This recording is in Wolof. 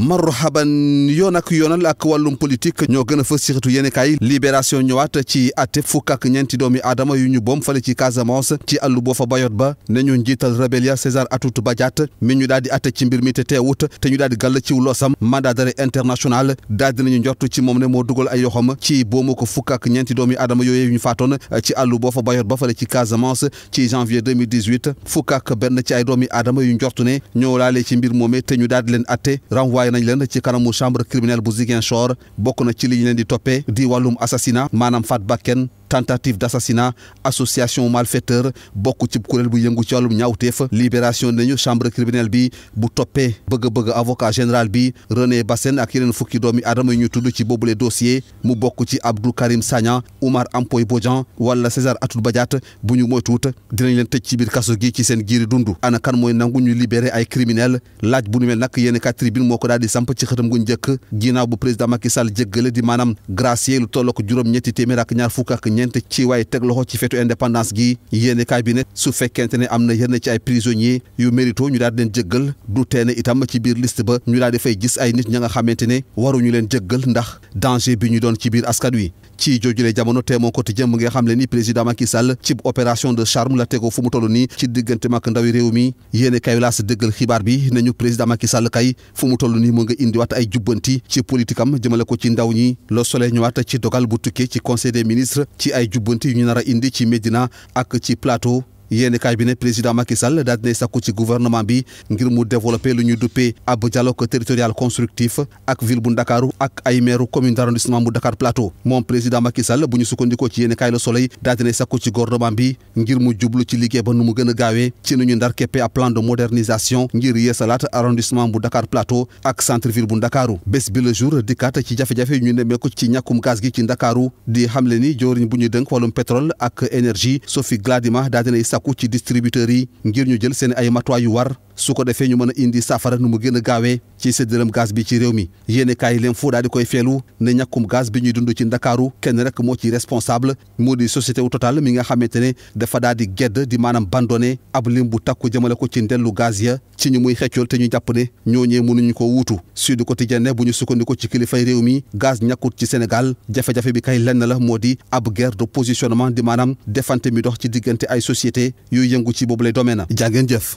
marhaban yoon ak yoonal ak wàllum politique ñoo gën a fës ci xëtu yéenekaay libération ñëwaat ci atte fukk ak ñeenti doomi aadama yu ñu boom fale ci Casamance ci àllu boo fa bayot ba ne ñu njiital rébellia César Atoute Badiate mi ñu daal di atte ci mbir mi te teewut te ñu daal di gàll ciw loosam mandat d'arrêt international daal dinañu njort ci moom ne moo dugal ay yoxam ci boomu ko fukk ak ñeenti doomi aadama yooyu ñu faatoon ci àllu boo fa bayot ba fale ci Casamance ci janvier 2018 fukk ak benn ci ay doomi aadama yu njort ne ñoo laale ci mbir moomee te ñu daal di leen atte bàyyi nañ leen ci kanamu chambre criminelle bu Ziguinchor bokk na ci li ñu leen di toppee di wàllum assassinat maanaam faat bakken tentative d'assassinat association malfaiteur bokk ci kuréel bu yëngu ci wàllum ñaawteef libération nañu chambre criminelle bi bu toppee bëgg-bëgg avocat général bi René Bassène ak yeneen fukki doomi aadama yi ñu tudd ci boobule dossier mu bokk ci Abdou ci biir kaso gi ci seen giiri dund ana mooy nangu ñu libéré ay criminel laaj bu nu mel nag yéen kat tribune moo ko daal di ci xëtam gu njëkk ginnaaw bu président Macky Sall jéggale di maanaam ñeent ci waaye teg loxo ci fetu indépendance gi yéene kaay bi ne su fekkente ne am na yenn ci ay prisonniers yu mérito ñu daal di leen jëggal du teene itam ci biir liste ba ñu daal di fay gis ay nit ña nga xamante ne waruñu leen jëggal ndax danger bi ñu doon ci biir askan wi ci jojule jamono Témoin Quotidien mu ngi xam le ni président Macky Sall ci opération de charme la tegoo fu mu toll nii ci diggante mag ndawi réew mi yéene kaay laas dëggal xibaar bi nañu président Macky Sall kay fu mu toll nii mu nga indiwaat ay jubbanti ci politique am jëmale ko ci ndaw ñi Le Soleil ñëwaat ci dogal bu tukkee ci conseil des ministres ci ay jubbanti yu ñu nar a indi ci Médina ak ci plateau yéeni kaay bi ne président Macky Sall daal dinay sàkku ci gouvernement bi ngir mu développer lu ñuy duppee ab dialogue territorial constructif ak ville bu Ndakaaru ak ay maire commune d'arrondissement bu Dakar Plateau moom président Macky bu ñu sukkandikoo ci yéeni kaay Le Soleil daal dinay ci gouvernement bi ngir mu jublu ci liggéey ba nu gën a gaawee ci nu ñu ndar keppe ab plan de modernisation ngir yeesalaat arrondissement bu Dakar Plateau ak centre ville bu Ndakaaru bés bi le ci jafe ñu nemmeeku ci ñàkkum gaz gi ci Ndakaaru di xamle ni joriñ sàkku ci distributeurs yi ngir ñu jël seen ay matuwaay yu war su ko defee ñu mën a indi saafara nu mu gën a gaawee ci séddalam gaz bi ci réew mi yéene kaay leen fu daal di koy feelu ne ñàkkum gaz bi ñuy dund ci ndakaaru kenn rek moo ci responsable moo di société wu total mi nga xamante ne dafa daal di gedd di maanaam bandone ab lim bu takku jëmale ko ci ndellu gaz ya ci ñu muy xeccool te ñu jàpp ne ñooñee mënuñu ko wuutu Sud Quotidien ne bu ñu sukkandiko ci kilifay réew mi gaz ñàkkut ci Sénégal jafe-jafe bi kay lenn la moo di ab guerre de di maanaam defante mi dox ci diggante ay société yuy yëngu ci boobu lay domaine jàngeen jëf